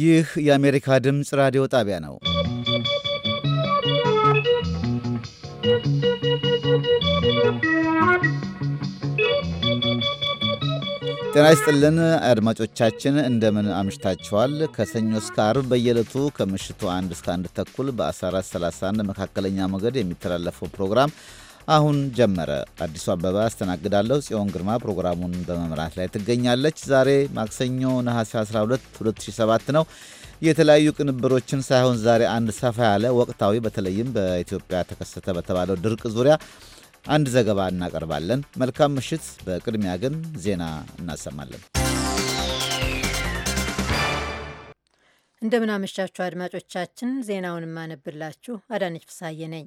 ይህ የአሜሪካ ድምፅ ራዲዮ ጣቢያ ነው። ጤና ይስጥልን አድማጮቻችን፣ እንደምን አምሽታችኋል? ከሰኞ እስከ አርብ በየዕለቱ ከምሽቱ አንድ እስከ አንድ ተኩል በ1431 መካከለኛ ሞገድ የሚተላለፈው ፕሮግራም አሁን ጀመረ። አዲሱ አበባ አስተናግዳለሁ። ጽዮን ግርማ ፕሮግራሙን በመምራት ላይ ትገኛለች። ዛሬ ማክሰኞ ነሐሴ 12 2007 ነው። የተለያዩ ቅንብሮችን ሳይሆን ዛሬ አንድ ሰፋ ያለ ወቅታዊ በተለይም በኢትዮጵያ ተከሰተ በተባለው ድርቅ ዙሪያ አንድ ዘገባ እናቀርባለን። መልካም ምሽት። በቅድሚያ ግን ዜና እናሰማለን። እንደምናመሻችሁ አድማጮቻችን፣ ዜናውን የማነብላችሁ አዳነች ፍሳዬ ነኝ።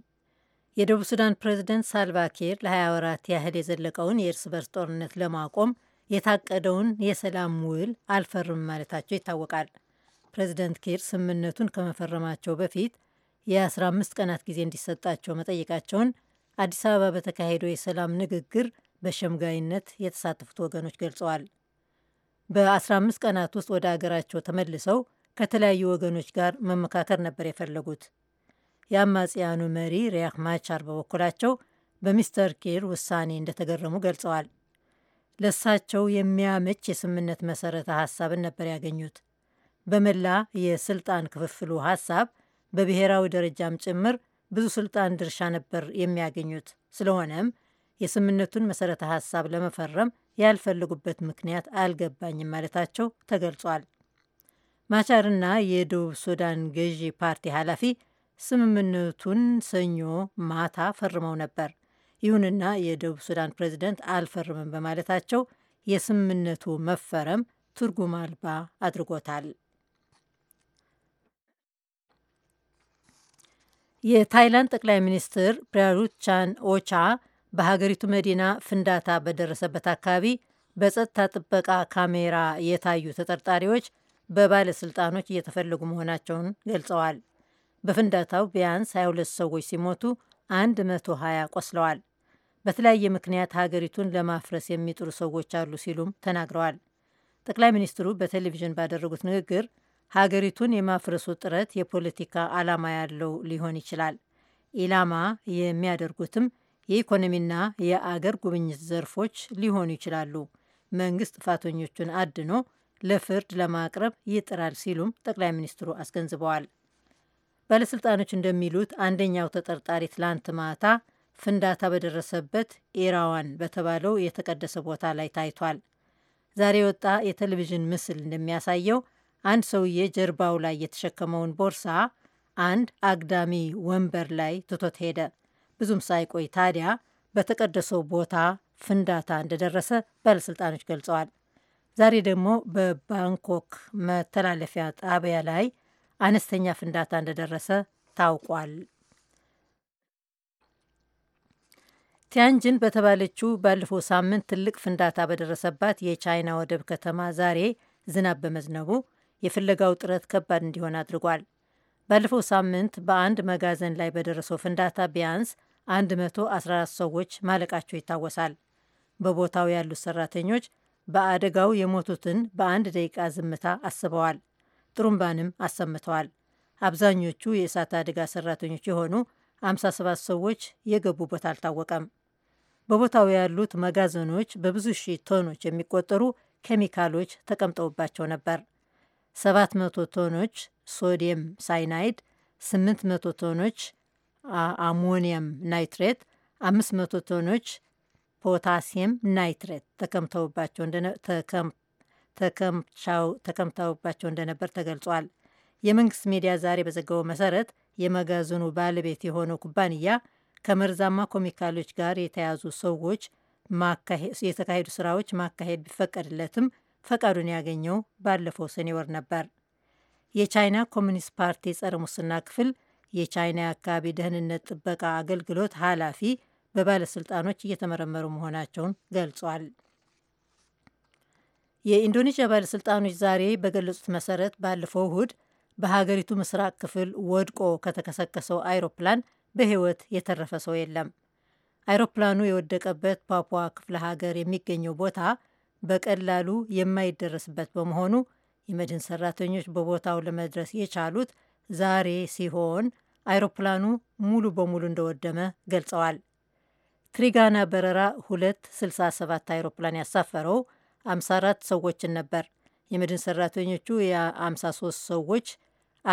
የደቡብ ሱዳን ፕሬዝደንት ሳልቫኪር ለ20 ወራት ያህል የዘለቀውን የእርስ በርስ ጦርነት ለማቆም የታቀደውን የሰላም ውል አልፈርም ማለታቸው ይታወቃል። ፕሬዝደንት ኪር ስምምነቱን ከመፈረማቸው በፊት የ15 ቀናት ጊዜ እንዲሰጣቸው መጠየቃቸውን አዲስ አበባ በተካሄደው የሰላም ንግግር በሸምጋይነት የተሳተፉት ወገኖች ገልጸዋል። በ15 ቀናት ውስጥ ወደ አገራቸው ተመልሰው ከተለያዩ ወገኖች ጋር መመካከር ነበር የፈለጉት። የአማጽያኑ መሪ ሪያክ ማቻር በበኩላቸው በሚስተር ኪር ውሳኔ እንደተገረሙ ገልጸዋል። ለሳቸው የሚያመች የስምምነት መሰረተ ሀሳብን ነበር ያገኙት። በመላ የስልጣን ክፍፍሉ ሀሳብ በብሔራዊ ደረጃም ጭምር ብዙ ስልጣን ድርሻ ነበር የሚያገኙት። ስለሆነም የስምምነቱን መሰረተ ሀሳብ ለመፈረም ያልፈለጉበት ምክንያት አልገባኝም ማለታቸው ተገልጿል። ማቻርና የደቡብ ሱዳን ገዢ ፓርቲ ኃላፊ ስምምነቱን ሰኞ ማታ ፈርመው ነበር። ይሁንና የደቡብ ሱዳን ፕሬዚደንት አልፈርምም በማለታቸው የስምምነቱ መፈረም ትርጉም አልባ አድርጎታል። የታይላንድ ጠቅላይ ሚኒስትር ፕራዩት ቻን ኦቻ በሀገሪቱ መዲና ፍንዳታ በደረሰበት አካባቢ በጸጥታ ጥበቃ ካሜራ የታዩ ተጠርጣሪዎች በባለስልጣኖች እየተፈለጉ መሆናቸውን ገልጸዋል። በፍንዳታው ቢያንስ 22 ሰዎች ሲሞቱ 120 ቆስለዋል። በተለያየ ምክንያት ሀገሪቱን ለማፍረስ የሚጥሩ ሰዎች አሉ ሲሉም ተናግረዋል። ጠቅላይ ሚኒስትሩ በቴሌቪዥን ባደረጉት ንግግር ሀገሪቱን የማፍረሱ ጥረት የፖለቲካ ዓላማ ያለው ሊሆን ይችላል፣ ኢላማ የሚያደርጉትም የኢኮኖሚና የአገር ጉብኝት ዘርፎች ሊሆኑ ይችላሉ፣ መንግስት ጥፋተኞቹን አድኖ ለፍርድ ለማቅረብ ይጥራል ሲሉም ጠቅላይ ሚኒስትሩ አስገንዝበዋል። ባለሥልጣኖች እንደሚሉት አንደኛው ተጠርጣሪ ትላንት ማታ ፍንዳታ በደረሰበት ኢራዋን በተባለው የተቀደሰ ቦታ ላይ ታይቷል። ዛሬ የወጣ የቴሌቪዥን ምስል እንደሚያሳየው አንድ ሰውዬ ጀርባው ላይ የተሸከመውን ቦርሳ አንድ አግዳሚ ወንበር ላይ ትቶት ሄደ። ብዙም ሳይቆይ ታዲያ በተቀደሰው ቦታ ፍንዳታ እንደደረሰ ባለሥልጣኖች ገልጸዋል። ዛሬ ደግሞ በባንኮክ መተላለፊያ ጣቢያ ላይ አነስተኛ ፍንዳታ እንደደረሰ ታውቋል። ቲያንጅን በተባለችው ባለፈው ሳምንት ትልቅ ፍንዳታ በደረሰባት የቻይና ወደብ ከተማ ዛሬ ዝናብ በመዝነቡ የፍለጋው ጥረት ከባድ እንዲሆን አድርጓል። ባለፈው ሳምንት በአንድ መጋዘን ላይ በደረሰው ፍንዳታ ቢያንስ 114 ሰዎች ማለቃቸው ይታወሳል። በቦታው ያሉት ሰራተኞች በአደጋው የሞቱትን በአንድ ደቂቃ ዝምታ አስበዋል። ጥሩምባንም አሰምተዋል። አብዛኞቹ የእሳት አደጋ ሰራተኞች የሆኑ 57 ሰዎች የገቡበት አልታወቀም። በቦታው ያሉት መጋዘኖች በብዙ ሺህ ቶኖች የሚቆጠሩ ኬሚካሎች ተቀምጠውባቸው ነበር። 700 ቶኖች ሶዲየም ሳይናይድ፣ 800 ቶኖች አሞኒየም ናይትሬት፣ 500 ቶኖች ፖታሲየም ናይትሬት ተከምተውባቸው እንደነበር ተገልጿል። የመንግስት ሚዲያ ዛሬ በዘገበው መሰረት የመጋዘኑ ባለቤት የሆነው ኩባንያ ከመርዛማ ኬሚካሎች ጋር የተያዙ ሰዎች የተካሄዱ ስራዎች ማካሄድ ቢፈቀድለትም ፈቃዱን ያገኘው ባለፈው ሰኔ ወር ነበር። የቻይና ኮሚኒስት ፓርቲ ጸረ ሙስና ክፍል የቻይና የአካባቢ ደህንነት ጥበቃ አገልግሎት ኃላፊ በባለስልጣኖች እየተመረመሩ መሆናቸውን ገልጿል። የኢንዶኔዥያ ባለሥልጣኖች ዛሬ በገለጹት መሰረት ባለፈው እሁድ በሀገሪቱ ምስራቅ ክፍል ወድቆ ከተከሰከሰው አይሮፕላን በሕይወት የተረፈ ሰው የለም። አይሮፕላኑ የወደቀበት ፓፑዋ ክፍለ ሀገር የሚገኘው ቦታ በቀላሉ የማይደረስበት በመሆኑ የመድህን ሰራተኞች በቦታው ለመድረስ የቻሉት ዛሬ ሲሆን አይሮፕላኑ ሙሉ በሙሉ እንደወደመ ገልጸዋል። ትሪጋና በረራ 267 አይሮፕላን ያሳፈረው 54 ሰዎችን ነበር። የመድን ሰራተኞቹ የ53 ሰዎች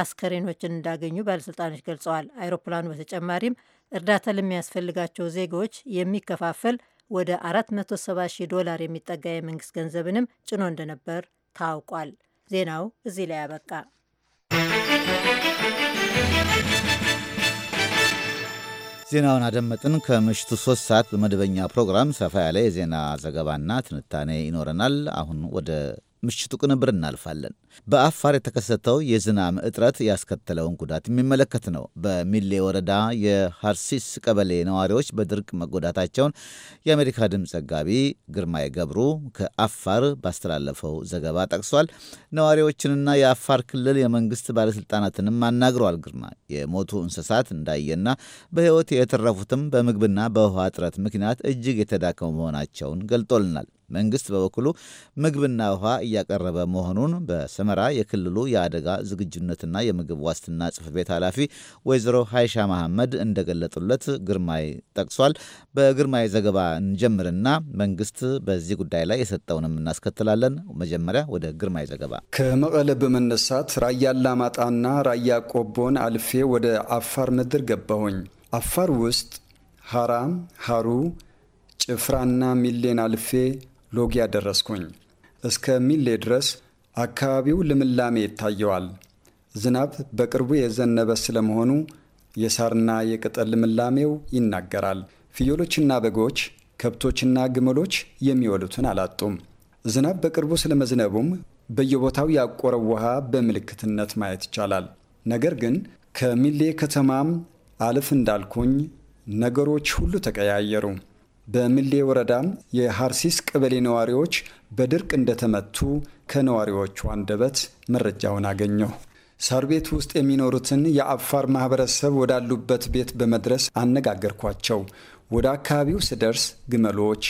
አስከሬኖችን እንዳገኙ ባለሥልጣኖች ገልጸዋል። አይሮፕላኑ በተጨማሪም እርዳታ ለሚያስፈልጋቸው ዜጎች የሚከፋፈል ወደ 470 ሺህ ዶላር የሚጠጋ የመንግሥት ገንዘብንም ጭኖ እንደነበር ታውቋል። ዜናው እዚህ ላይ አበቃ ዜናውን አደመጥን። ከምሽቱ ሶስት ሰዓት በመደበኛ ፕሮግራም ሰፋ ያለ የዜና ዘገባና ትንታኔ ይኖረናል። አሁን ወደ ምሽቱ ቅንብር እናልፋለን። በአፋር የተከሰተው የዝናም እጥረት ያስከተለውን ጉዳት የሚመለከት ነው። በሚሌ ወረዳ የሃርሲስ ቀበሌ ነዋሪዎች በድርቅ መጎዳታቸውን የአሜሪካ ድምፅ ዘጋቢ ግርማይ ገብሩ ከአፋር ባስተላለፈው ዘገባ ጠቅሷል። ነዋሪዎችንና የአፋር ክልል የመንግስት ባለሥልጣናትንም አናግሯል ግርማ የሞቱ እንስሳት እንዳየና በሕይወት የተረፉትም በምግብና በውሃ እጥረት ምክንያት እጅግ የተዳከሙ መሆናቸውን ገልጦልናል። መንግስት በበኩሉ ምግብና ውሃ እያቀረበ መሆኑን በሰመራ የክልሉ የአደጋ ዝግጁነትና የምግብ ዋስትና ጽሕፈት ቤት ኃላፊ ወይዘሮ ሀይሻ መሐመድ እንደገለጡለት ግርማይ ጠቅሷል። በግርማይ ዘገባ እንጀምርና መንግስት በዚህ ጉዳይ ላይ የሰጠውንም እናስከትላለን። መጀመሪያ ወደ ግርማይ ዘገባ። ከመቀለ በመነሳት ራያ አላማጣና ራያ ቆቦን አልፌ ወደ አፋር ምድር ገባሁኝ። አፋር ውስጥ ሀራም ሀሩ ጭፍራና ሚሌን አልፌ ሎጊያ ደረስኩኝ። እስከ ሚሌ ድረስ አካባቢው ልምላሜ ይታየዋል። ዝናብ በቅርቡ የዘነበ ስለመሆኑ የሳርና የቅጠል ልምላሜው ይናገራል። ፍየሎችና በጎች፣ ከብቶችና ግመሎች የሚወሉትን አላጡም። ዝናብ በቅርቡ ስለመዝነቡም በየቦታው ያቆረው ውሃ በምልክትነት ማየት ይቻላል። ነገር ግን ከሚሌ ከተማም አልፍ እንዳልኩኝ ነገሮች ሁሉ ተቀያየሩ። በምሌ ወረዳም የሀርሲስ ቀበሌ ነዋሪዎች በድርቅ እንደተመቱ ከነዋሪዎቹ አንደበት መረጃውን አገኘሁ። ሳር ቤት ውስጥ የሚኖሩትን የአፋር ማህበረሰብ ወዳሉበት ቤት በመድረስ አነጋገርኳቸው። ወደ አካባቢው ስደርስ ግመሎች፣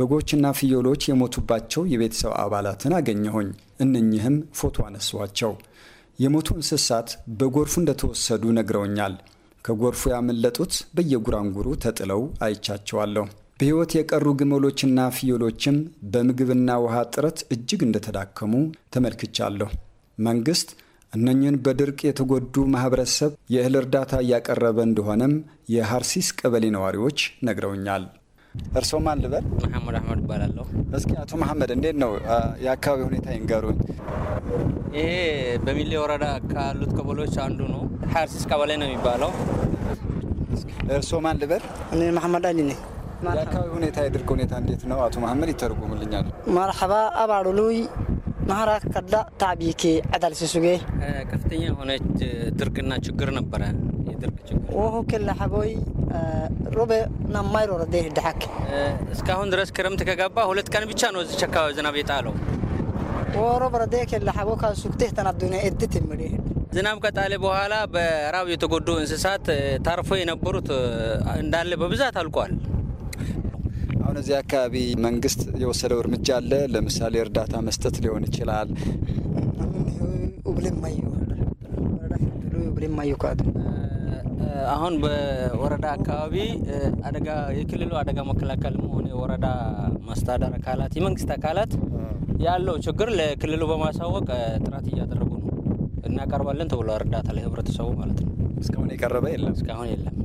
በጎችና ፍየሎች የሞቱባቸው የቤተሰብ አባላትን አገኘሁኝ። እነኚህም ፎቶ አነሷቸው። የሞቱ እንስሳት በጎርፉ እንደተወሰዱ ነግረውኛል። ከጎርፉ ያመለጡት በየጉራንጉሩ ተጥለው አይቻቸዋለሁ። በሕይወት የቀሩ ግመሎችና ፍየሎችም በምግብና ውሃ ጥረት እጅግ እንደተዳከሙ ተመልክቻለሁ። መንግሥት እነኝን በድርቅ የተጎዱ ማኅበረሰብ የእህል እርዳታ እያቀረበ እንደሆነም የሀርሲስ ቀበሌ ነዋሪዎች ነግረውኛል። እርስዎ ማን ልበል? መሐመድ አህመድ እባላለሁ። እስኪ አቶ መሐመድ እንዴት ነው የአካባቢ ሁኔታ ይንገሩኝ። ይሄ በሚሌ ወረዳ ካሉት ቀበሌዎች አንዱ ነው። ሐርሲስ ቀበሌ ነው የሚባለው። እርስዎ ማን ልበል? እኔ መሐመድ አሊ ነኝ። የአካባቢ ሁኔታ የድርቅ ሁኔታ እንዴት ነው? አቶ መሀመድ ይተርጉምልኛል። መርሐባ አባሉሉይ ማራ ከዳ ታቢኬ ዐዳል ሲሱጌ ከፍተኛ የሆነች ድርቅና ችግር ነበረ። የድርቅ ችግር ወሁ ክላ ሐቦይ ሩቤ ናማይ ሮረዴ ድሐክ እስካሁን ድረስ ክረምት ከገባ ሁለት ቀን ብቻ ነው እዚች አካባቢ ዝናብ የጣለው። ወሮብ ረዴ ክላ ሐቦ ካሱክቴህ ተናዱነ እድት ምዴ ዝናብ ከጣለ በኋላ በራብ የተጎዱ እንስሳት ታርፎ የነበሩት እንዳለ በብዛት አልቋል። እዚህ አካባቢ መንግስት የወሰደው እርምጃ አለ? ለምሳሌ እርዳታ መስጠት ሊሆን ይችላል። አሁን በወረዳ አካባቢ አደጋ የክልሉ አደጋ መከላከል መሆኑ የወረዳ ማስተዳደር አካላት የመንግስት አካላት ያለው ችግር ለክልሉ በማሳወቅ ጥረት እያደረጉ ነው። እናቀርባለን ተብሎ እርዳታ ለህብረተሰቡ ማለት ነው። እስካሁን የቀረበ የለም። እስካሁን የለም።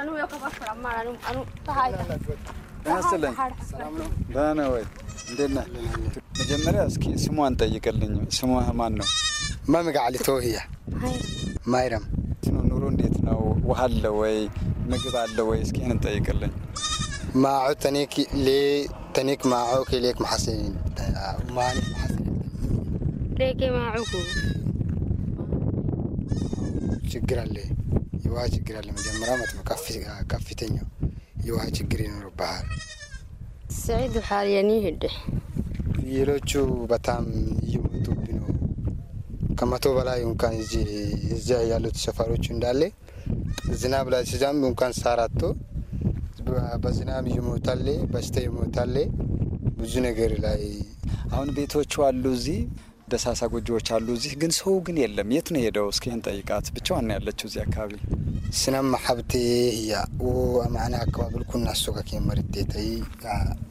anu yo ka bafra mar anu anu tahayda ያስልኝ ደህና ወይ? እንዴት ነህ? መጀመሪያ እስኪ ስሟን ጠይቅልኝ። ስሟህ ማን ነው? መምጋ አሊ ተውህያ ማይረም። ኑሮ እንዴት ነው? ውሃ አለ ወይ? ምግብ አለ ወይ? እስኪ ይህን ጠይቅልኝ። ማዑ ተኔክ ሌ ተኔክ ማዑክ ሌክ መሐሲን ማኒ ሌክ ማዑኩ ችግር አለ የውሃ ችግር አለ። መጀመሪያ ማለት ነው ከፍተኛው የውሃ ችግር ይኖርብሃል። ስዒድ የኒ ህድሕ ሌሎቹ በጣም እየሞቱብ ነው። ከመቶ በላይ እንኳን እዚያ ያሉት ሰፈሮች እንዳለ ዝናብ ላይ ሲዛም እንኳን ሳራቶ በዝናብ እየሞታለ በሽታ ይሞታል። ብዙ ነገር ላይ አሁን ቤቶቹ አሉ እዚህ ደሳሳ ጎጆዎች አሉ። እዚህ ግን ሰው ግን የለም። የት ነው ሄደው? እስኪ ጠይቃት። ብቻዋን ነው ያለችው እዚህ አካባቢ። ስናማ ሀብት እያ ማዕና አካባቢ ልኩና ሱጋ ከመርቴተይ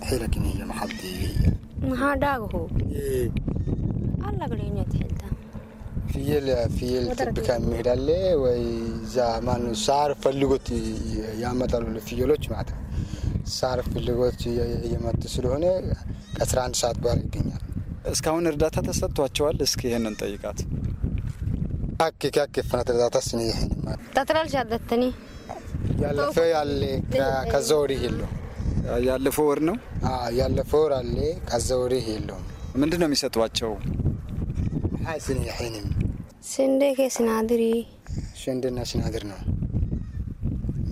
ሒለክን እየ ማሓብቴ እያ መሃዳግሁ አላግለኝነት ሒልታ ፍየል ፍየል ጥብቃ የሚሄዳለ ወይ ዛ ማኑ ሳር ፈልጎት ያመጣሉ ለፍየሎች ማለት ነው። ሳር ፈልጎት እየመጡ ስለሆነ ከአስራ አንድ ሰዓት በኋላ ይገኛል። እስካሁን እርዳታ ተሰጥቷቸዋል? እስኪ ይህንን ጠይቃት። ያለፈ ወር ነው ያለፈ ወር አለ ከዛ ወዲህ የለውም። ምንድን ነው የሚሰጧቸው? ስንዴ ከስናድሪ ስንዴና ስናድር ነው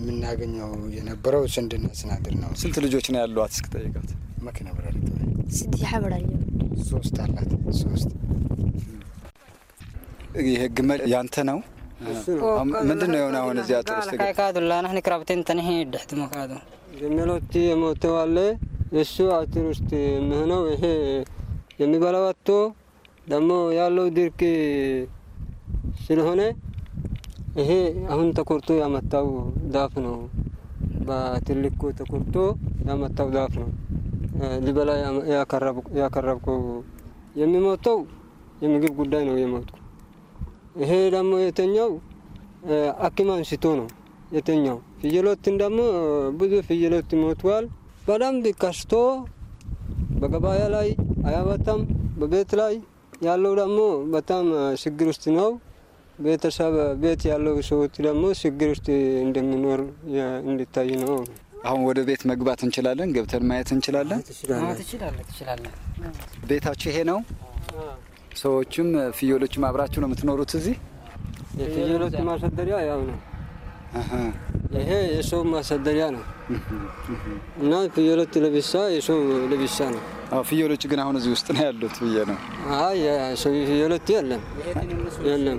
የምናገኘው የነበረው ስንዴና ስናድር ነው። ስንት ልጆች ነው ያሏት? እስክጠይቃት መኪና ብራ ስድስት ብራለ ሶስት አላት። ሶስት ይሄ ግመል ያንተ ነው? ምንድን ነው የሆነ አሁን እዚያ ጥሩ ናህኒ ክራብቴን ተኒሄ ድሕት መካዱ ግመሎች የሞተዋለ እሱ አጥር ውስጥ የምሆነው ይሄ የሚበላዋቶ ደግሞ ያለው ድርቅ ስለሆነ ይሄ አሁን ተቆርጦ ያመጣው ዛፍ ነው። በትልቁ ተቆርጦ ያመጣው ዛፍ ነው። ሊበላ ያቀረብኩ የሚሞተው የምግብ ጉዳይ ነው የሞትኩ። ይሄ ደግሞ የተኛው አኪም አንስቶ ነው የተኛው። ፍየሎትን ደግሞ ብዙ ፍየሎት ይሞቷል በደንብ ከስቶ በገበያ ላይ አያበታም። በቤት ላይ ያለው ደግሞ በጣም ችግር ውስጥ ነው። ቤተሰብ ቤት ያለው ሰዎች ደግሞ ችግር ውስጥ እንደሚኖር እንድታይ ነው። አሁን ወደ ቤት መግባት እንችላለን። ገብተን ማየት እንችላለን። ቤታችሁ ይሄ ነው። ሰዎችም ፍየሎችም አብራችሁ ነው የምትኖሩት እዚህ? የፍየሎች ማሰደሪያ ያው ነው። ይሄ የሰው ማሰደሪያ ነው እና ፍየሎች ለብቻ፣ የሰው ለቢሳ ነው። ፍየሎች ግን አሁን እዚህ ውስጥ ነው ያሉት ብዬ ነው። ፍየሎች የለም የለም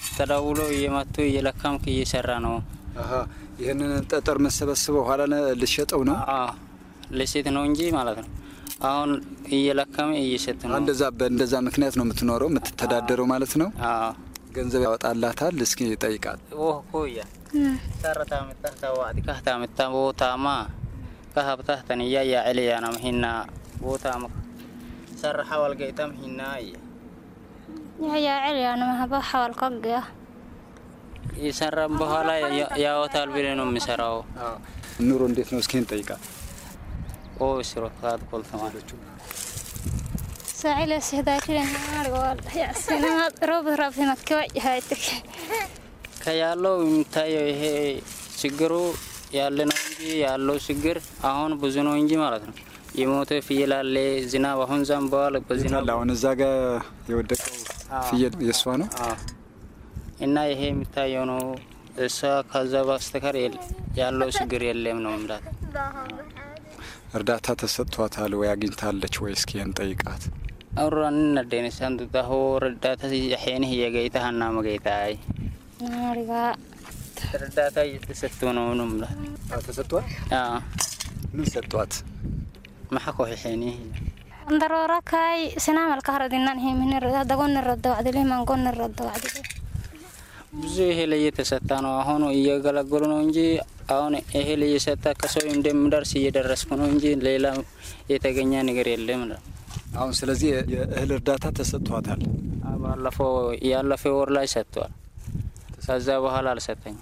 ተደውሎ እየመጡ እየለካምክ እየሰራ ነው። ይህንን ጠጠር መሰበስበው ኋላ ልሸጠው ነው ልሴት ነው እንጂ ማለት ነው። አሁን እየለካም እየሸጥ ነው። እንደዛ በእንደዛ ምክንያት ነው የምትኖረው የምትተዳደረው ማለት ነው። ገንዘብ ያወጣላታል። እስኪ ይጠይቃል ኮያ ሰረታ ምጣ ተዋዕድ ካህታ ምጣ ቦታማ ካሀብታህተን እያያ ዕልያ ነው ሂና ቦታማ ሰራሓ ዋልገይታም ሂና እየ ያያዕልያን ይሰራም በኋላ ያወታል ብለ ነው የሚሰራው። ኑሮ እንዴት ነው? እስኪን ጠይቃል ከያለው የምታየው ይሄ ችግሩ ያለ ነው እንጂ ያለው ችግር አሁን ብዙ ነው እንጂ ማለት ነው። የሞተ ፍየል አለ። ዝናብ አሁን ዘንበዋል። በዝናብ አሁን እዛ ጋር የወደቀ ፍየል የእሷ ነው እና ይሄ የሚታየው ነው እሷ። ከዛ በስተከር ያለው ችግር የለም ነው ምላት። እርዳታ ተሰጥቷታል ወይ አግኝታለች ወይ? እስኪ ን ጠይቃት አውራን ነደነሳንቱታሆ እርዳታ ሲያሄንህ የገይታ ሀና መገይታይ እርዳታ እየተሰጡ ነው ነው ምላት። ተሰጥቷል? ምን ሰጥቷት? ማሐኮ ሄኒ ndarorakai sinamalka haradinan himinadagonradawacdilimangonradawacdi ብዙ እህል እየተሰጣ ነው። አሁኑ እያገለገሉ ነው እንጂ አሁን እህል እየሰጣ ከሰው እንደምደርስ እየደረስኩ ነው እንጂ ሌላ የተገኘ ነገር የለም። አሁን ስለዚህ የእህል እርዳታ ተሰጥቷታል። ባለፈው ያለፈው ወር ላይ ሰጥቷል። ከዛ በኋላ አልሰጠኝም።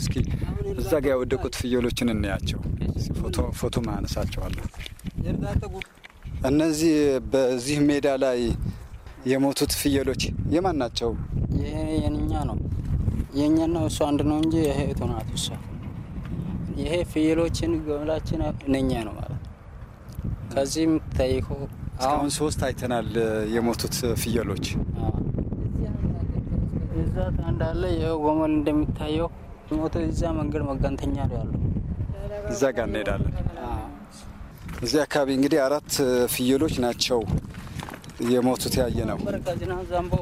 እስኪ እዛ ጋ ያወደቁት ፍየሎችን እንያቸው። ፎቶ ማነሳቸዋለሁ። እነዚህ በዚህ ሜዳ ላይ የሞቱት ፍየሎች የማን ናቸው? ይሄ የኛ ነው። የኛና እሱ አንድ ነው እንጂ ይሄ ቶናት እሷ ይሄ ፍየሎችን ገመላችን ነኛ ነው ማለት ከዚህም ተይኮ እስካሁን ሶስት አይተናል የሞቱት ፍየሎች ብዛት እንዳለ ይኸው እንደሚታየው ሞቶ እዛ መንገድ መጋንተኛ ነው ያለው። እዛ ጋር እንሄዳለን። እዚህ አካባቢ እንግዲህ አራት ፍየሎች ናቸው የሞቱት ያየ ነው።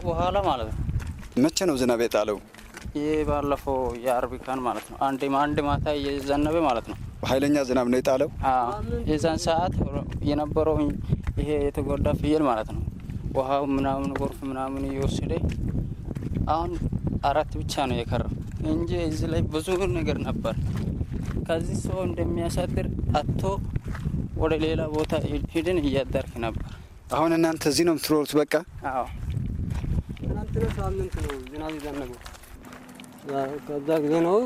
በኋላ ማለት ነው። መቼ ነው ዝናብ የጣለው? ይህ ባለፈው የአርቢካን ማለት ነው። አንድ አንድ ማታ እየዘነበ ማለት ነው። ኃይለኛ ዝናብ ነው የጣለው። የዛን ሰዓት የነበረው ይሄ የተጎዳ ፍየል ማለት ነው። ውሃ ምናምን ጎርፍ ምናምን እየወሰደ አሁን አራት ብቻ ነው የቀረው እንጂ እዚህ ላይ ብዙ ነገር ነበር። ከዚህ ሰው እንደሚያሳድር አቶ ወደ ሌላ ቦታ ሂድን እያዳርክ ነበር። አሁን እናንተ እዚህ ነው የምትኖሩት? በቃ አዎ። ትናንትና ሳምንት ነው ዝናብ ይዘነበው ከዛ ጊዜ ነው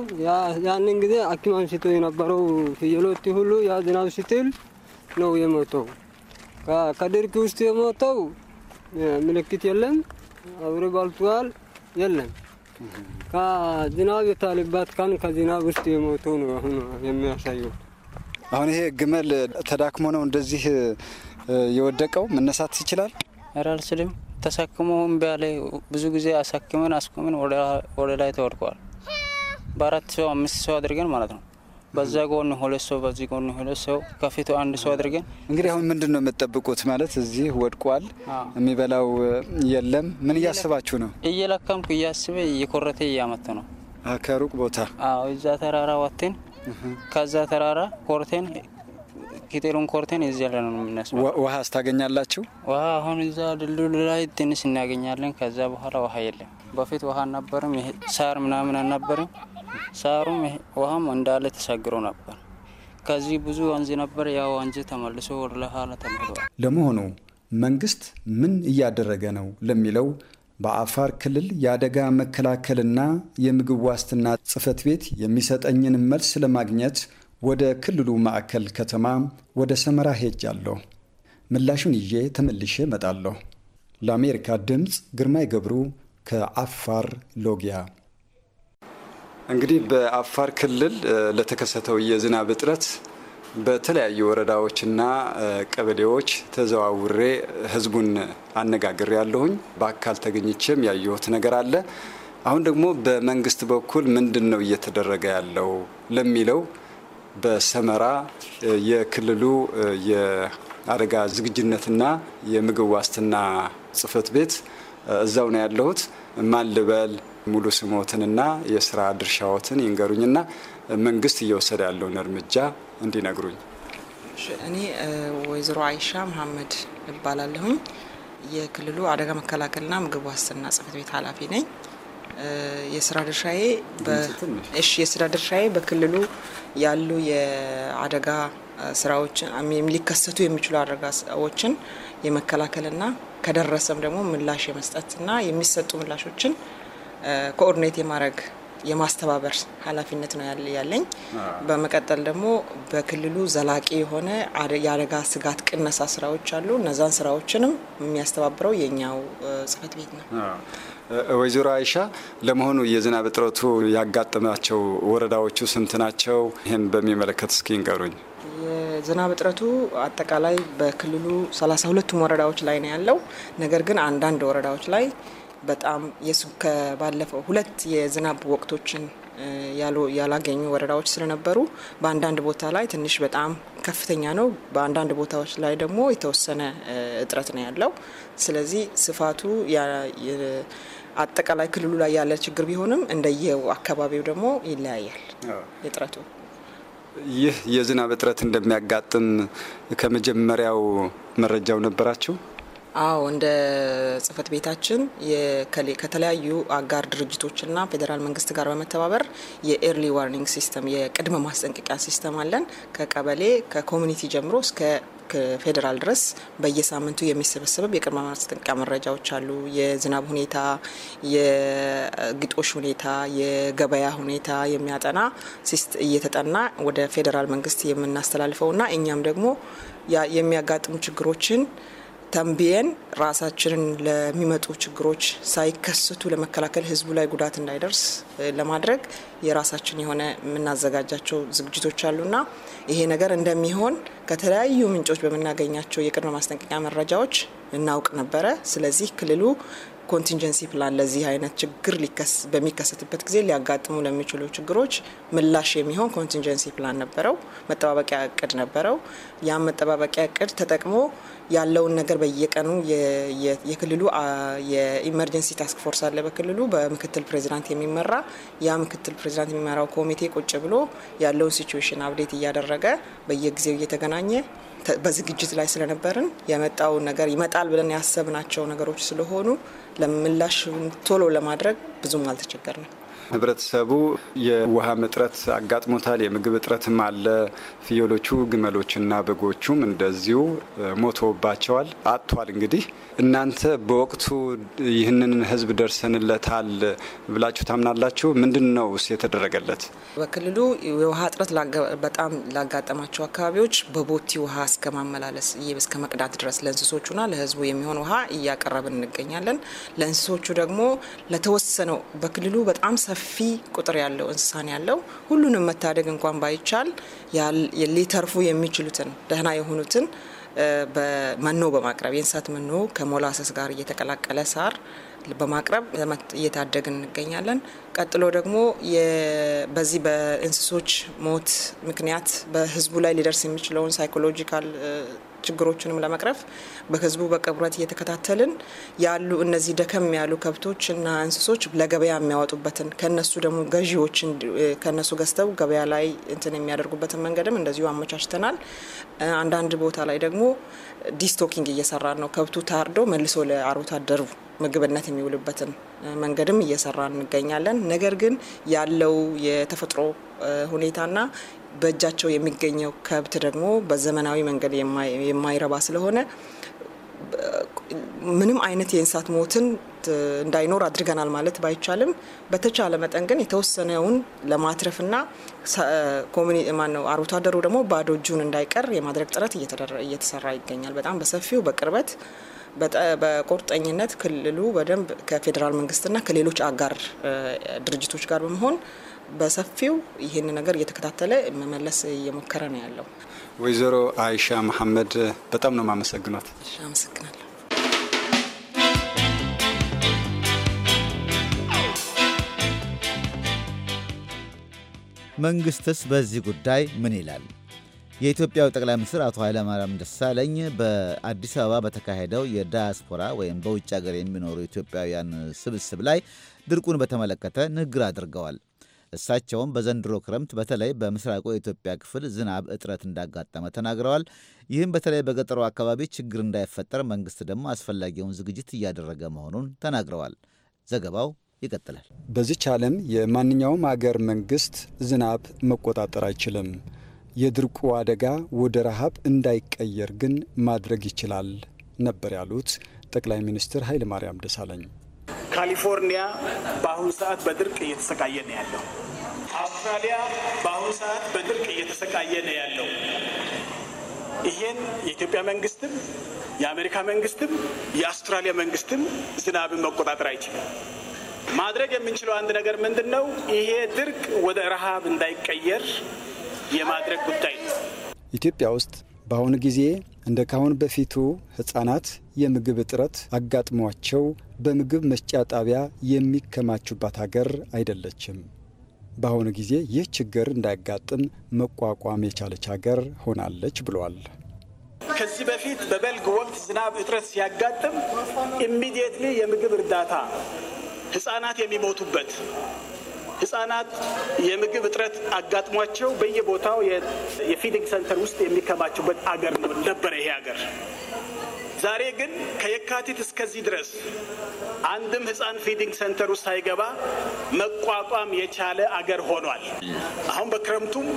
ያንን ጊዜ አኪማን ሲቶ የነበረው ፍየሎች ሁሉ ያ ዝናብ ሲጥል ነው የሞተው። ከድርቅ ውስጥ የሞተው ምልክት የለም አብሮ ባልቷል። የለም። ከዝናብ የታለባት ቀን ከዝናብ ውስጥ የሞቱ ነው አሁን የሚያሳየው። አሁን ይሄ ግመል ተዳክሞ ነው እንደዚህ የወደቀው። መነሳት ይችላል? ኧረ አልችልም። ተሳክሞ እምቢ አለ። ብዙ ጊዜ አሳክመን አስቆመን ወደ ላይ ተወድቋል። በአራት ሰው አምስት ሰው አድርገን ማለት ነው በዛ ጎን ሁለት ሰው፣ በዚህ ጎን ሁለት ሰው፣ ከፊቱ አንድ ሰው አድርገን እንግዲህ አሁን ምንድን ነው የምትጠብቁት? ማለት እዚህ ወድቋል፣ የሚበላው የለም። ምን እያስባችሁ ነው? እየለካምኩ እያስበ እየኮረተ እያመት ነው ከሩቅ ቦታ እዛ ተራራ ወጥተን ከዛ ተራራ ኮርቴን ጌጤሩን ኮርቴን እዚያ ላይ ነው የምነስ ውሃ ስታገኛላችሁ። ውሃ አሁን እዛ ድልድሉ ላይ ትንሽ እናገኛለን። ከዛ በኋላ ውሃ የለም። በፊት ውሃ አልነበርም፣ ሳር ምናምን አልነበርም። ሳሩም ውሃም እንዳለ ተሻግሮ ነበር። ከዚህ ብዙ ወንዝ ነበር። ያ ወንዝ ተመልሶ ወደ ለኋላ ተመልሷል። ለመሆኑ መንግስት ምን እያደረገ ነው ለሚለው በአፋር ክልል የአደጋ መከላከልና የምግብ ዋስትና ጽህፈት ቤት የሚሰጠኝን መልስ ለማግኘት ወደ ክልሉ ማዕከል ከተማ ወደ ሰመራ ሄጃለሁ። ምላሹን ይዤ ተመልሼ እመጣለሁ። ለአሜሪካ ድምፅ ግርማይ ገብሩ ከአፋር ሎጊያ እንግዲህ በአፋር ክልል ለተከሰተው የዝናብ እጥረት በተለያዩ ወረዳዎችና ቀበሌዎች ተዘዋውሬ ህዝቡን አነጋግር ያለሁኝ በአካል ተገኝቼም ያየሁት ነገር አለ። አሁን ደግሞ በመንግስት በኩል ምንድን ነው እየተደረገ ያለው ለሚለው በሰመራ የክልሉ የአደጋ ዝግጅነትና የምግብ ዋስትና ጽህፈት ቤት እዛው ነው ያለሁት። ማን ልበል? ሙሉ ስሞትንና የስራ ድርሻዎትን ይንገሩኝና መንግስት እየወሰደ ያለውን እርምጃ እንዲነግሩኝ። እኔ ወይዘሮ አይሻ መሀመድ እባላለሁም የክልሉ አደጋ መከላከልና ምግብ ዋስትና ጽህፈት ቤት ኃላፊ ነኝ። የስራ ድርሻዬ የስራ ድርሻዬ በክልሉ ያሉ የአደጋ ስራዎችን ሊከሰቱ የሚችሉ አደጋዎችን የመከላከልና ከደረሰም ደግሞ ምላሽ የመስጠትና የሚሰጡ ምላሾችን ኮኦርዲኔት የማድረግ የማስተባበር ኃላፊነት ነው ያለኝ። በመቀጠል ደግሞ በክልሉ ዘላቂ የሆነ የአደጋ ስጋት ቅነሳ ስራዎች አሉ። እነዛን ስራዎችንም የሚያስተባብረው የኛው ጽህፈት ቤት ነው። ወይዘሮ አይሻ ለመሆኑ የዝናብ እጥረቱ ያጋጠማቸው ወረዳዎቹ ስንት ናቸው? ይህን በሚመለከት እስኪ ንገሩኝ። የዝናብ እጥረቱ አጠቃላይ በክልሉ 32ቱም ወረዳዎች ላይ ነው ያለው። ነገር ግን አንዳንድ ወረዳዎች ላይ በጣም ከባለፈው ሁለት የዝናብ ወቅቶችን ያላገኙ ወረዳዎች ስለነበሩ በአንዳንድ ቦታ ላይ ትንሽ በጣም ከፍተኛ ነው፣ በአንዳንድ ቦታዎች ላይ ደግሞ የተወሰነ እጥረት ነው ያለው። ስለዚህ ስፋቱ አጠቃላይ ክልሉ ላይ ያለ ችግር ቢሆንም እንደየው አካባቢው ደግሞ ይለያያል እጥረቱ። ይህ የዝናብ እጥረት እንደሚያጋጥም ከመጀመሪያው መረጃው ነበራችሁ? አዎ እንደ ጽህፈት ቤታችን ከተለያዩ አጋር ድርጅቶችና ፌዴራል መንግስት ጋር በመተባበር የኤርሊ ዋርኒንግ ሲስተም የቅድመ ማስጠንቀቂያ ሲስተም አለን። ከቀበሌ ከኮሚኒቲ ጀምሮ እስከ ፌዴራል ድረስ በየሳምንቱ የሚሰበሰበብ የቅድመ ማስጠንቀቂያ መረጃዎች አሉ። የዝናብ ሁኔታ፣ የግጦሽ ሁኔታ፣ የገበያ ሁኔታ የሚያጠና እየተጠና ወደ ፌዴራል መንግስት የምናስተላልፈው ና እኛም ደግሞ የሚያጋጥሙ ችግሮችን ተንብየን ራሳችንን ለሚመጡ ችግሮች ሳይከሰቱ ለመከላከል ህዝቡ ላይ ጉዳት እንዳይደርስ ለማድረግ የራሳችን የሆነ የምናዘጋጃቸው ዝግጅቶች አሉና ይሄ ነገር እንደሚሆን ከተለያዩ ምንጮች በምናገኛቸው የቅድመ ማስጠንቀቂያ መረጃዎች እናውቅ ነበረ። ስለዚህ ክልሉ ኮንቲንጀንሲ ፕላን ለዚህ አይነት ችግር በሚከሰትበት ጊዜ ሊያጋጥሙ ለሚችሉ ችግሮች ምላሽ የሚሆን ኮንቲንጀንሲ ፕላን ነበረው፣ መጠባበቂያ እቅድ ነበረው። ያ መጠባበቂያ እቅድ ተጠቅሞ ያለውን ነገር በየቀኑ የክልሉ የኢመርጀንሲ ታስክ ፎርስ አለ በክልሉ በምክትል ፕሬዚዳንት የሚመራ ያ ምክትል ፕሬዚዳንት የሚመራው ኮሚቴ ቁጭ ብሎ ያለውን ሲቹዌሽን አብዴት እያደረገ በየጊዜው እየተገናኘ በዝግጅት ላይ ስለነበርን የመጣው ነገር ይመጣል ብለን ያሰብናቸው ነገሮች ስለሆኑ ለምላሽ ቶሎ ለማድረግ ብዙም አልተቸገርንም። ህብረተሰቡ የውሃ እጥረት አጋጥሞታል። የምግብ እጥረትም አለ። ፍየሎቹ ግመሎችና በጎቹም እንደዚሁ ሞቶባቸዋል፣ አጥቷል። እንግዲህ እናንተ በወቅቱ ይህንን ህዝብ ደርሰንለታል ብላችሁ ታምናላችሁ? ምንድን ነው ስ የተደረገለት? በክልሉ የውሃ እጥረት በጣም ላጋጠማቸው አካባቢዎች በቦቲ ውሃ እስከ ማመላለስ እስከ መቅዳት ድረስ ለእንስሶቹና ለህዝቡ የሚሆን ውሃ እያቀረብን እንገኛለን። ለእንስሶቹ ደግሞ ለተወሰነው በክልሉ በጣም ሰ ሰፊ ቁጥር ያለው እንስሳን ያለው ሁሉንም መታደግ እንኳን ባይቻል ሊተርፉ የሚችሉትን ደህና የሆኑትን በመኖ በማቅረብ የእንስሳት መኖ ከሞላሰስ ጋር እየተቀላቀለ ሳር በማቅረብ እየታደግን እንገኛለን። ቀጥሎ ደግሞ በዚህ በእንስሶች ሞት ምክንያት በህዝቡ ላይ ሊደርስ የሚችለውን ሳይኮሎጂካል ችግሮችንም ለመቅረፍ በህዝቡ በቅርበት እየተከታተልን ያሉ እነዚህ ደከም ያሉ ከብቶችና እንስሶች ለገበያ የሚያወጡበትን ከነሱ ደግሞ ገዢዎችን ከነሱ ገዝተው ገበያ ላይ እንትን የሚያደርጉበትን መንገድም እንደዚሁ አመቻችተናል። አንዳንድ ቦታ ላይ ደግሞ ዲስቶኪንግ እየሰራን ነው። ከብቱ ታርዶ መልሶ ለአርብቶ አደሩ ምግብነት የሚውልበትን መንገድም እየሰራ እንገኛለን። ነገር ግን ያለው የተፈጥሮ ሁኔታና በእጃቸው የሚገኘው ከብት ደግሞ በዘመናዊ መንገድ የማይረባ ስለሆነ ምንም አይነት የእንስሳት ሞትን እንዳይኖር አድርገናል ማለት ባይቻልም በተቻለ መጠን ግን የተወሰነውን ለማትረፍና ማነው አርብቶ አደሩ ደግሞ ባዶ እጁን እንዳይቀር የማድረግ ጥረት እየተሰራ ይገኛል። በጣም በሰፊው በቅርበት በቁርጠኝነት ክልሉ በደንብ ከፌዴራል መንግስትና ከሌሎች አጋር ድርጅቶች ጋር በመሆን በሰፊው ይህን ነገር እየተከታተለ መመለስ እየሞከረ ነው ያለው። ወይዘሮ አይሻ መሐመድ በጣም ነው ማመሰግኗት። አመሰግናለሁ። መንግስትስ በዚህ ጉዳይ ምን ይላል? የኢትዮጵያው ጠቅላይ ሚኒስትር አቶ ኃይለማርያም ደሳለኝ በአዲስ አበባ በተካሄደው የዳያስፖራ ወይም በውጭ ሀገር የሚኖሩ ኢትዮጵያውያን ስብስብ ላይ ድርቁን በተመለከተ ንግግር አድርገዋል። እሳቸውም በዘንድሮ ክረምት በተለይ በምስራቁ የኢትዮጵያ ክፍል ዝናብ እጥረት እንዳጋጠመ ተናግረዋል። ይህም በተለይ በገጠሩ አካባቢ ችግር እንዳይፈጠር መንግስት ደግሞ አስፈላጊውን ዝግጅት እያደረገ መሆኑን ተናግረዋል። ዘገባው ይቀጥላል። በዚች ዓለም የማንኛውም አገር መንግስት ዝናብ መቆጣጠር አይችልም። የድርቁ አደጋ ወደ ረሃብ እንዳይቀየር ግን ማድረግ ይችላል ነበር ያሉት ጠቅላይ ሚኒስትር ኃይለማርያም ደሳለኝ። ካሊፎርኒያ በአሁኑ ሰዓት በድርቅ እየተሰቃየ ነው ያለው። አውስትራሊያ በአሁኑ ሰዓት በድርቅ እየተሰቃየ ነው ያለው። ይሄን የኢትዮጵያ መንግስትም የአሜሪካ መንግስትም የአውስትራሊያ መንግስትም ዝናብን መቆጣጠር አይችልም። ማድረግ የምንችለው አንድ ነገር ምንድን ነው? ይሄ ድርቅ ወደ ረሃብ እንዳይቀየር የማድረግ ጉዳይ ነው። ኢትዮጵያ ውስጥ በአሁኑ ጊዜ እንደ ካሁን በፊቱ ህጻናት የምግብ እጥረት አጋጥሟቸው በምግብ መስጫ ጣቢያ የሚከማቹባት ሀገር አይደለችም። በአሁኑ ጊዜ ይህ ችግር እንዳያጋጥም መቋቋም የቻለች ሀገር ሆናለች ብሏል። ከዚህ በፊት በበልግ ወቅት ዝናብ እጥረት ሲያጋጥም ኢሚዲየትሊ የምግብ እርዳታ ህጻናት የሚሞቱበት ህጻናት የምግብ እጥረት አጋጥሟቸው በየቦታው የፊዲንግ ሰንተር ውስጥ የሚከማቹበት አገር ነበረ ይሄ አገር። ዛሬ ግን ከየካቲት እስከዚህ ድረስ አንድም ህፃን ፊዲንግ ሰንተር ውስጥ ሳይገባ መቋቋም የቻለ አገር ሆኗል። አሁን በክረምቱም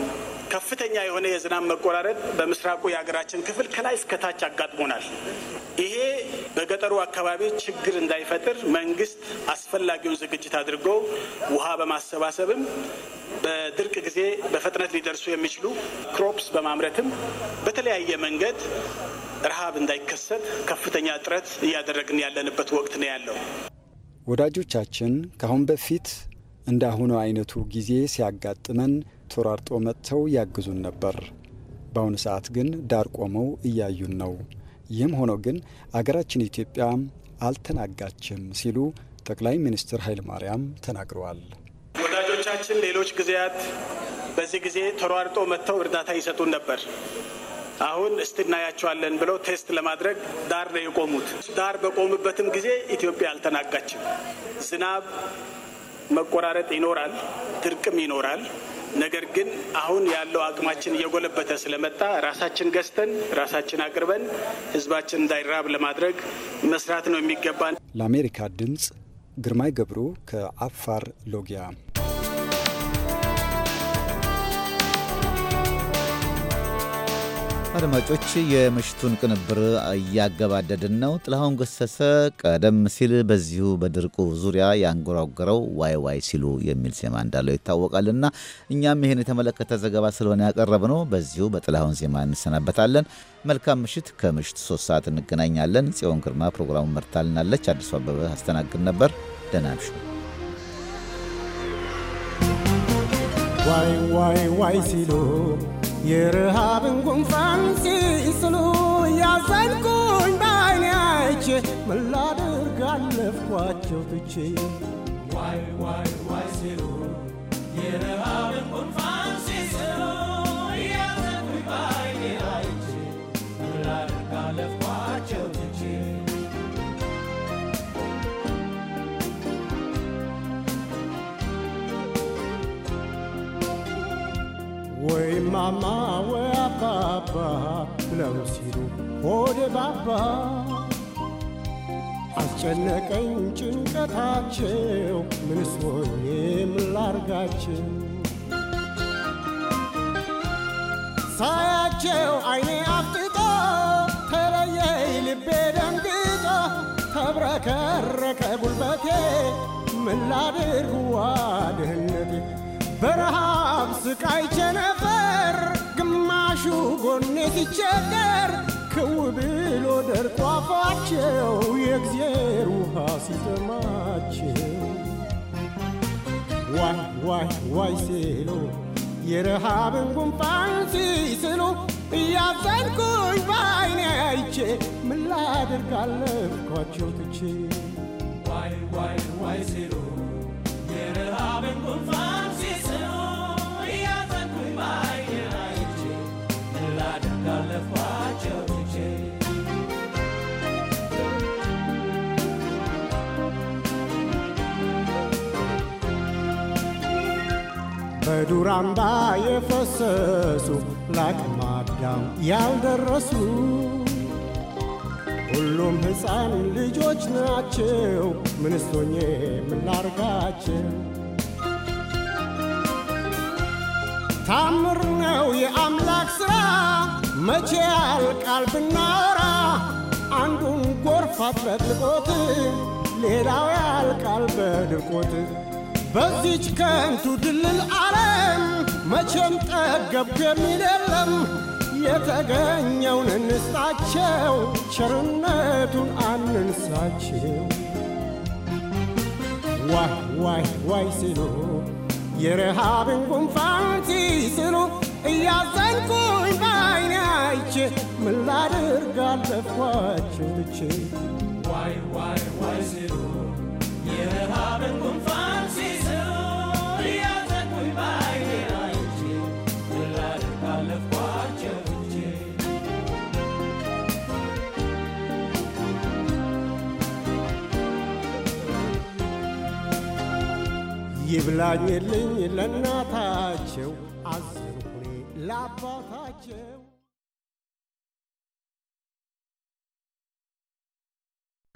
ከፍተኛ የሆነ የዝናብ መቆራረጥ በምስራቁ የሀገራችን ክፍል ከላይ እስከታች አጋጥሞናል። ይሄ በገጠሩ አካባቢ ችግር እንዳይፈጥር መንግስት አስፈላጊውን ዝግጅት አድርጎ ውሃ በማሰባሰብም በድርቅ ጊዜ በፍጥነት ሊደርሱ የሚችሉ ክሮፕስ በማምረትም በተለያየ መንገድ ረሃብ እንዳይከሰት ከፍተኛ ጥረት እያደረግን ያለንበት ወቅት ነው ያለው። ወዳጆቻችን ከአሁን በፊት እንዳሁኑ አይነቱ ጊዜ ሲያጋጥመን ተራርጦ መጥተው ያግዙን ነበር። በአሁኑ ሰዓት ግን ዳር ቆመው እያዩን ነው። ይህም ሆኖ ግን አገራችን ኢትዮጵያ አልተናጋችም ሲሉ ጠቅላይ ሚኒስትር ኃይለማርያም ተናግረዋል። ወዳጆቻችን ሌሎች ጊዜያት በዚህ ጊዜ ተሯርጦ መጥተው እርዳታ ይሰጡን ነበር። አሁን እስትናያቸዋለን ብለው ቴስት ለማድረግ ዳር ነው የቆሙት። ዳር በቆሙበትም ጊዜ ኢትዮጵያ አልተናጋችም። ዝናብ መቆራረጥ ይኖራል፣ ድርቅም ይኖራል። ነገር ግን አሁን ያለው አቅማችን እየጎለበተ ስለመጣ ራሳችን ገዝተን ራሳችን አቅርበን ህዝባችን እንዳይራብ ለማድረግ መስራት ነው የሚገባን። ለአሜሪካ ድምፅ ግርማይ ገብሩ ከአፋር ሎጊያ አድማጮች የምሽቱን ቅንብር እያገባደድን ነው። ጥላሁን ገሰሰ ቀደም ሲል በዚሁ በድርቁ ዙሪያ ያንጎራጎረው ዋይ ዋይ ሲሉ የሚል ዜማ እንዳለው ይታወቃልና እኛም ይህን የተመለከተ ዘገባ ስለሆነ ያቀረብ ነው በዚሁ በጥላሁን ዜማ እንሰናበታለን። መልካም ምሽት። ከምሽቱ ሶስት ሰዓት እንገናኛለን። ጽዮን ግርማ ፕሮግራሙን መርታልናለች። አዲሱ አበበ አስተናግድ ነበር። ደህና ምሽቱ። ዋይ ዋይ ዋይ ሲሉ የረሃብን ጉንፋን ሲስሉ ያዘንኩኝ በዓይኔ አይቼ ምን አለፍኳቸው ትቼ ዋይ ዋይ ዋይ ሲሉ የረሃብን ጉንፋን ሲስሉ ማማ ወይ አባባ ብለው ሲሉ ሆዴ ባባ አስጨነቀኝ ጭንቀታቸው ምንስ ሆኜ ምን ላርጋቸው ሳያቸው አይኔ አፍጥጦ ተለየይ ልቤ ደንግጦ ተብረከረከ ጉልበቴ ምን ላድርግ ዋ ድህነቴ በረሃብ ስቃይ ቸነፈር ግማሹ ጎኔ ሲቸገር ክው ብሎ ደርጦ አፏቸው የእግዜር ውሃ ሲጠማቸው ዋይ ዋይ ዋይ ሲሉ የረሃብን ጉንፋን ሲስሉ እያዘንኩኝ በዓይኔ አይቼ ምን ላድርግ ትቼ ዋይ ዋይ ዋይ ሲሉ የረሃብን ጉንፋን ከዱር አምባ የፈሰሱ ለአቅመ አዳም ያልደረሱ ሁሉም ሕፃን ልጆች ናቸው። ምንስቶኜ ምላርጋቸው ታምር ነው የአምላክ ሥራ መቼ ያልቃል ብናወራ አንዱን ጎርፍ አጥለቅልቆት ሌላው ያልቃል በድርቆት በዚች ከንቱ ድልል ዓለም መቼም ጠገብኩ የሚል የለም። የተገኘውን እንስጣቸው፣ ቸርነቱን አንንሳቸው። ዋይ ዋይ ዋይ ሲሉ የረሃብን ጉንፋን ሲስሉ እያዘንኩኝ በዓይኔ አይቼ ምን ላድርግ አለፏቸው ትቼ ዋይ ዋይ ዋይ ሲሉ ይብላኝልኝ ለእናታቸው አዘንኩኔ ለአባታቸው